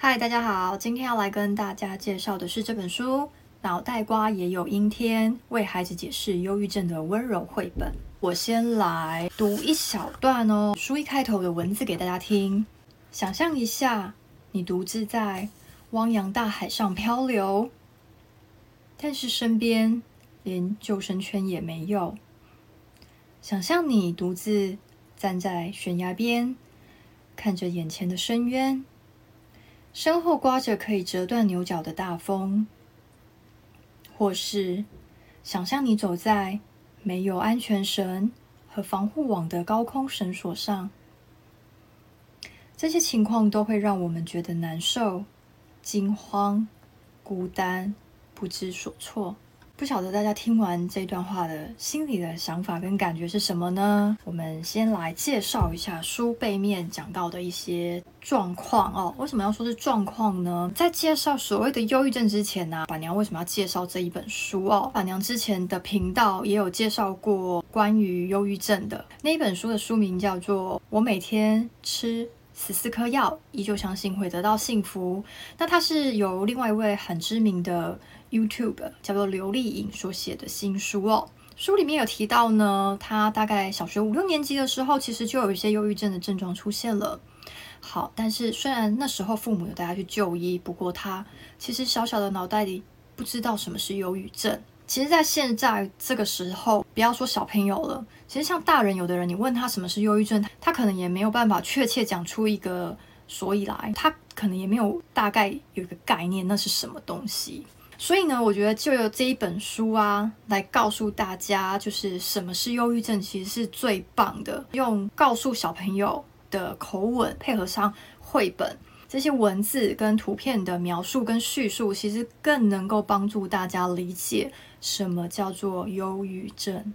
嗨，Hi, 大家好，今天要來跟大家介紹的是這本書《腦袋瓜也有陰天：為孩子解釋憂鬱症的溫柔繪本》。我先來讀一小段哦，書一開頭的文字給大家聽。想象一下，你獨自在汪洋大海上漂流，但是身邊連救生圈也沒有。想象你獨自站在懸崖邊，看着眼前的深淵。身後颳着可以折斷牛角的大風，或是想象你走在沒有安全繩和防護網的高空繩索上，這些情況都會讓我們覺得難受、驚慌、孤單、不知所措。不曉得大家聽完這段話的心裡的想法跟感覺是什麼呢？我們先來介紹一下書背面講到的一些狀況哦。為什麼要說是狀況呢？在介紹所謂的憂鬱症之前呢，啊，板娘為什麼要介紹這一本書哦？板娘之前的頻道也有介紹過關於憂鬱症的那一本書的書名叫做《我每天吃十四顆藥，依舊相信會得到幸福》。那它是由另外一位很知名的。YouTube 叫做劉麗穎所寫的新書哦，書裡面有提到呢，她大概小學五六年級的時候，其實就有一些憂鬱症的症狀出現了。好，但是雖然那時候父母有帶她去就醫，不過她其實小小的腦袋裡不知道什麼是憂鬱症。其實，在現在這個時候，不要說小朋友了，其實像大人，有的人你問他什麼是憂鬱症，他可能也沒有辦法確切講出一個所以來，他可能也沒有大概有一個概念，那是什麼東西。所以呢，我覺得就由這一本書啊，來告訴大家，就是什麼是憂鬱症，其實是最棒的。用告訴小朋友的口吻，配合上繪本這些文字跟圖片的描述跟敘述，其實更能夠幫助大家理解什麼叫做憂鬱症。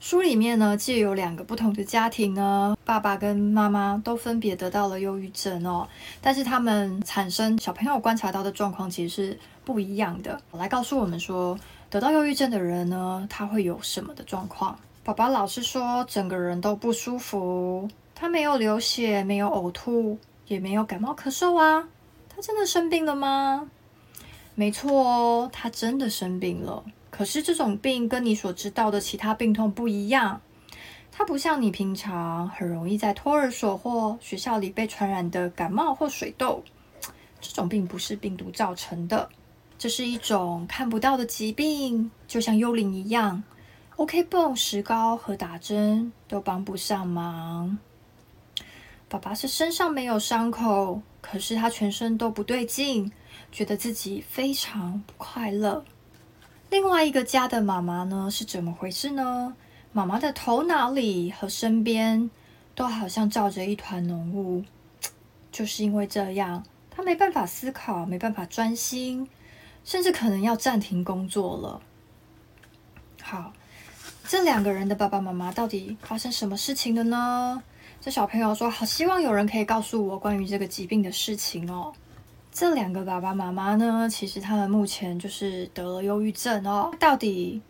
書裡面呢，藉由兩個不同的家庭呢，爸爸跟媽媽都分別得到了憂鬱症哦，但是他們產生小朋友觀察到的狀況其實是不一樣的。我來告訴我們說，得到憂鬱症的人呢，他會有什麼的狀況？爸爸老是說，整個人都不舒服，他沒有流血，沒有嘔吐，也沒有感冒咳嗽啊，他真的生病了嗎？沒錯哦，他真的生病了。可是這種病跟你所知道的其他病痛不一樣，它不像你平常很容易在托兒所或學校裡被傳染的感冒或水痘。這種病不是病毒造成的，這是一種看不到的疾病，就像幽靈一樣。OK 繃、石膏和打針都幫不上忙。爸爸是身上沒有傷口，可是他全身都不對勁，覺得自己非常不快樂。另外一個家的媽媽呢是怎麼回事呢？媽媽的頭腦裡和身邊都好像罩着一團濃霧，就是因為這樣，她沒辦法思考，沒辦法專心，甚至可能要暫停工作了。好，這兩個人的爸爸媽媽到底發生什麼事情了呢？這小朋友說：“好希望有人可以告訴我關於這個疾病的事情哦。”這兩個爸爸媽媽呢，其實他們目前就是得了憂鬱症哦。到底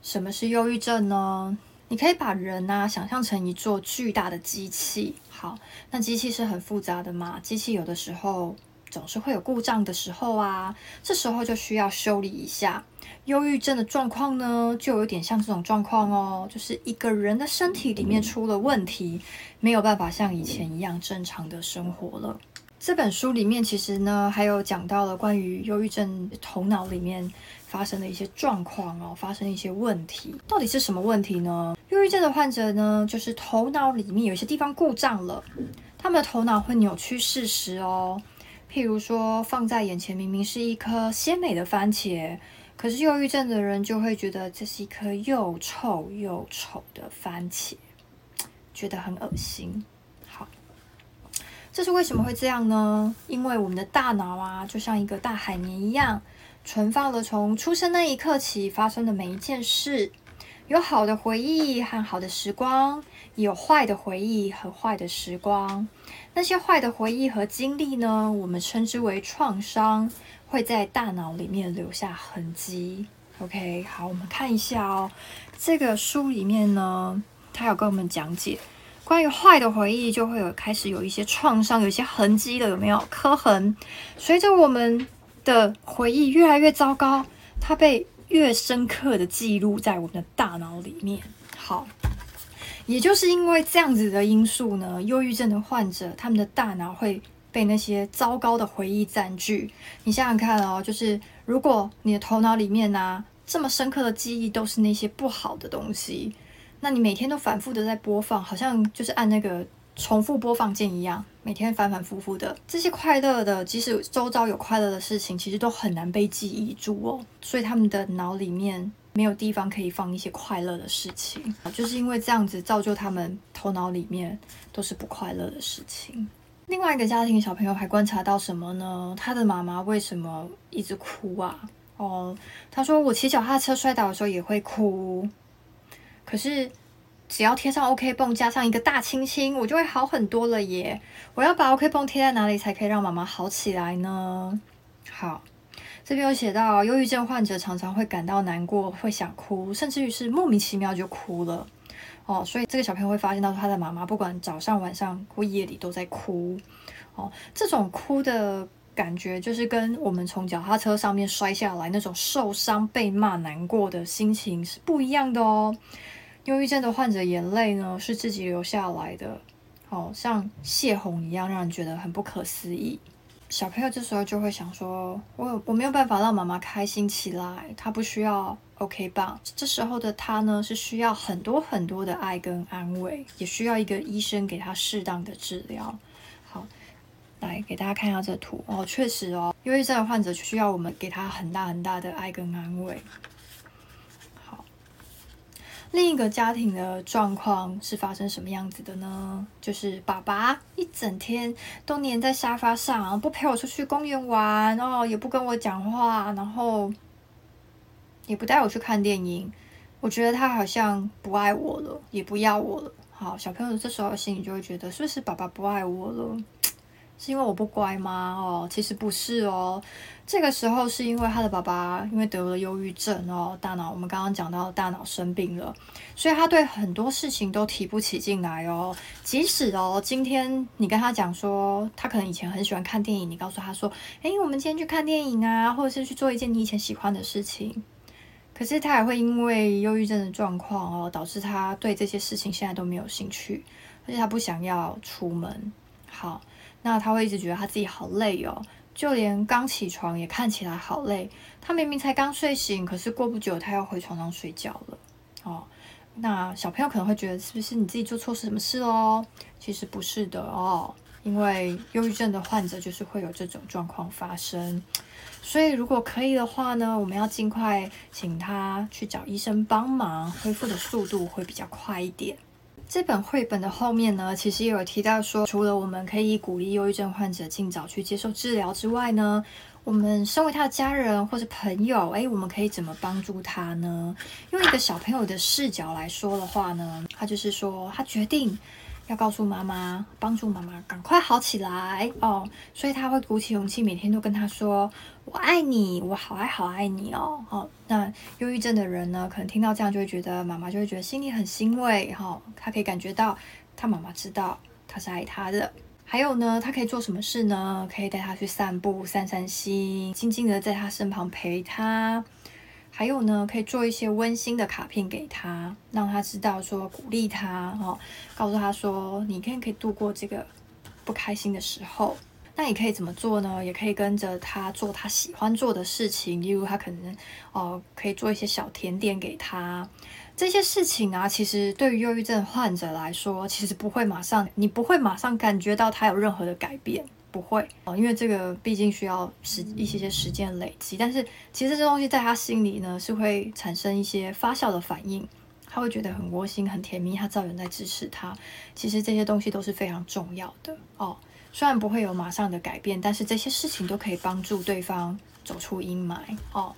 什麼是憂鬱症呢？你可以把人啊想象成一座巨大的機器。好，那機器是很複雜的嘛，機器有的時候總是會有故障的時候啊，這時候就需要修理一下。憂鬱症的狀況呢，就有點像這種狀況哦，就是一個人的身體裡面出了問題，沒有辦法像以前一樣正常的生活了。這本書裡面其實呢，還有講到了關於憂鬱症頭腦裡面發生的一些狀況哦，發生一些問題，到底是什麼問題呢？憂鬱症的患者呢，就是頭腦裡面有些地方故障了，他們的頭腦會扭曲事實哦。譬如說，放在眼前明明是一顆鮮美的番茄，可是憂鬱症的人就會覺得這是一顆又臭又醜的番茄，覺得很惡心。這是為什麼會這樣呢？因為我們的大腦啊，就像一個大海綿一樣，存放了從出生那一刻起發生的每一件事。有好的回憶和好的時光，也有壞的回憶和壞的時光。那些壞的回憶和經歷呢，我們稱之為創傷，會在大腦裡面留下痕跡。OK，好，我們看一下哦。這個書裡面呢，它有跟我們講解。關於壞的回憶，就會有開始有一些創傷，有一些痕跡的，有沒有刻痕？隨着我們的回憶越來越糟糕，它被越深刻的記錄在我們的大腦裡面。好，也就是因為這樣子的因素呢，憂鬱症的患者，他們的大腦會被那些糟糕的回憶佔據。你想想看哦，就是如果你的頭腦裡面呢、啊，這麼深刻的記憶都是那些不好的東西。那你每天都反復的在播放，好像就是按那個重複播放鍵一樣，每天反反復復的。這些快樂的，即使周遭，有快樂的事情，其實都很難被記憶住哦。所以他們的腦裡面沒有地方可以放一些快樂的事情，就是因為這樣子造就他們頭腦裡面都是不快樂的事情。另外一個家庭小朋友還觀察到什麼呢？他的媽媽為什麼一直哭啊？哦，他說我騎腳踏車摔倒的時候也會哭。可是，只要貼上 OK 繃，加上一個大親親，我就會好很多了耶！我要把 OK 繃貼在哪裡，才可以讓媽媽好起來呢？好，這邊有寫到，憂鬱症患者常常會感到難過，會想哭，甚至於是莫名其妙就哭了。哦，所以這個小朋友會發現到，他的媽媽不管早上、晚上或夜裡都在哭。哦，這種哭的感覺，就是跟我們從腳踏車上面摔下來那種受傷、被罵、難過的心情是不一樣的哦。憂鬱症的患者的眼淚呢，是自己流下來的，好、哦、像洩洪一樣，讓人覺得很不可思議。小朋友這時候就會想說，我我沒有辦法讓媽媽開心起來，她不需要 OK 棒。這時候的她呢，是需要很多很多的愛跟安慰，也需要一個醫生給她適當的治療。好，來給大家看一下這圖哦，確實哦，憂鬱症的患者需要我們給他很大很大的愛跟安慰。另一個家庭的狀況是發生什麼樣子的呢？就是爸爸一整天都黏在沙發上，不陪我出去公園玩，然後也不跟我講話，然後也不帶我去看電影。我覺得他好像不愛我了，也不要我了。好，小朋友這時候心裡就會覺得，是不是爸爸不愛我了？是因為我不乖嗎？哦，其實不是哦。這個時候是因為他的爸爸因為得了憂鬱症哦，大腦，我們剛剛講到大腦生病了，所以他對很多事情都提不起勁來哦。即使哦，今天你跟他講說，他可能以前很喜歡看電影，你告訴他說，欸，我們今天去看電影啊，或者是去做一件你以前喜歡的事情，可是他也會因為憂鬱症的狀況哦，導致他對這些事情現在都沒有興趣，而且他不想要出門。好。那他會一直覺得他自己好累哦，就連剛起床也看起來好累。他明明才剛睡醒，可是過不久他要回床上睡覺了哦。那小朋友可能會覺得是不是你自己做錯事什麼事嘍？其實不是的哦，因為憂鬱症的患者就是會有這種狀況發生。所以如果可以的話呢，我們要儘快請他去找醫生幫忙，恢復的速度會比較快一點。這本繪本的後面呢，其實也有提到說，除了我們可以鼓勵憂鬱症患者盡早去接受治療之外呢，我們身為他的家人或者朋友，哎，我們可以怎麼幫助他呢？用一個小朋友的視角來說的話呢，他就是說，他決定。要告訴媽媽，幫助媽媽趕快好起來哦。所以他會鼓起勇氣，每天都跟她說：“我愛你，我好愛好愛你哦。哦”好，那憂鬱症的人呢，可能聽到這樣就會覺得媽媽就會覺得心裡很欣慰哈，他、哦、可以感覺到他媽媽知道他是愛他的。還有呢，他可以做什麼事呢？可以帶他去散步，散散心，靜靜的在他身旁陪他。還有呢，可以做一些溫馨的卡片給他，讓他知道說鼓勵他哦，告訴他說，你一定可以度過這個不開心的時候。那你可以怎麼做呢？也可以跟着他做他喜歡做的事情，例如他可能哦可以做一些小甜點給他，這些事情啊，其實對於憂鬱症患者來說，其實不會馬上，你不會馬上感覺到他有任何的改變。不會啊，因為這個畢竟需要時一些些時間累積。但是其實這東西在他心裡呢，是會產生一些發酵的反應，他會覺得很窩心、很甜蜜，他知道有人在支持他。其實這些東西都是非常重要的哦。雖然不會有馬上的改變，但是這些事情都可以幫助對方走出陰霾哦。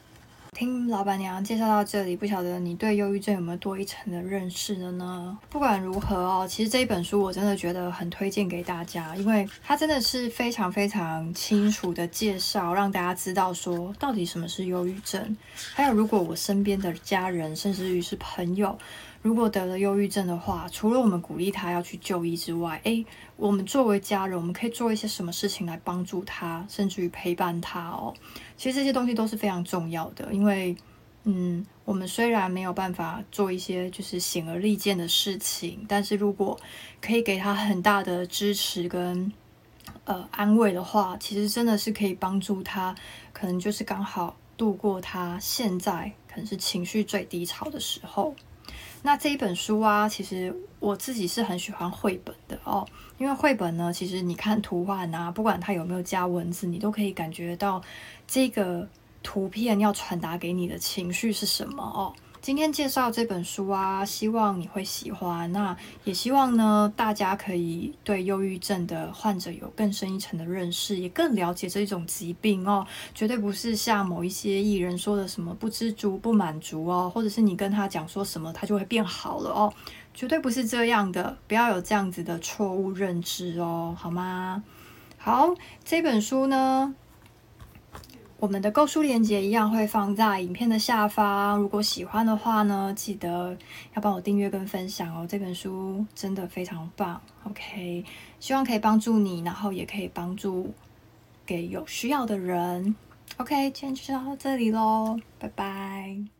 聽老闆娘介紹到這裡，不曉得你對憂鬱症有沒有多一層的認識的呢？不管如何哦，其實這一本書我真的覺得很推薦給大家，因為它真的是非常非常清楚的介紹，讓大家知道說到底什麼是憂鬱症，還有如果我身邊的家人甚至於是朋友，如果得了憂鬱症的話，除了我們鼓勵他要去就醫之外，誒，我們作為家人，我們可以做一些什麼事情來幫助他，甚至於陪伴他哦。其實這些東西都是非常重要的，因為，嗯，我們雖然沒有辦法做一些就是顯而易見的事情，但是如果可以給他很大的支持跟呃安慰的話，其實真的是可以幫助他，可能就是剛好度過他現在，可能是情緒最低潮的時候。那這一本書啊，其實我自己是很喜歡繪本的哦，因為繪本呢，其實你看圖畫啊，不管它有沒有加文字，你都可以感覺到這個圖片要傳達給你的情緒是什麼哦。今天介紹這本書啊，希望你會喜歡。那也希望呢，大家可以對憂鬱症的患者有更深一層的認識，也更了解這一種疾病哦。絕對不是像某一些藝人說的什麼不知足、不滿足哦，或者是你跟他講說什麼，他就會變好了哦，絕對不是這樣的，不要有這樣子的錯誤認知哦，好嗎？好，這本書呢。我們的購書鏈接一樣會放在影片的下方。如果喜歡的話呢，記得要幫我訂閱跟分享哦。這本書真的非常棒，OK。希望可以幫助你，然後也可以幫助給有需要的人。OK，今天就到這裡嘍，拜拜。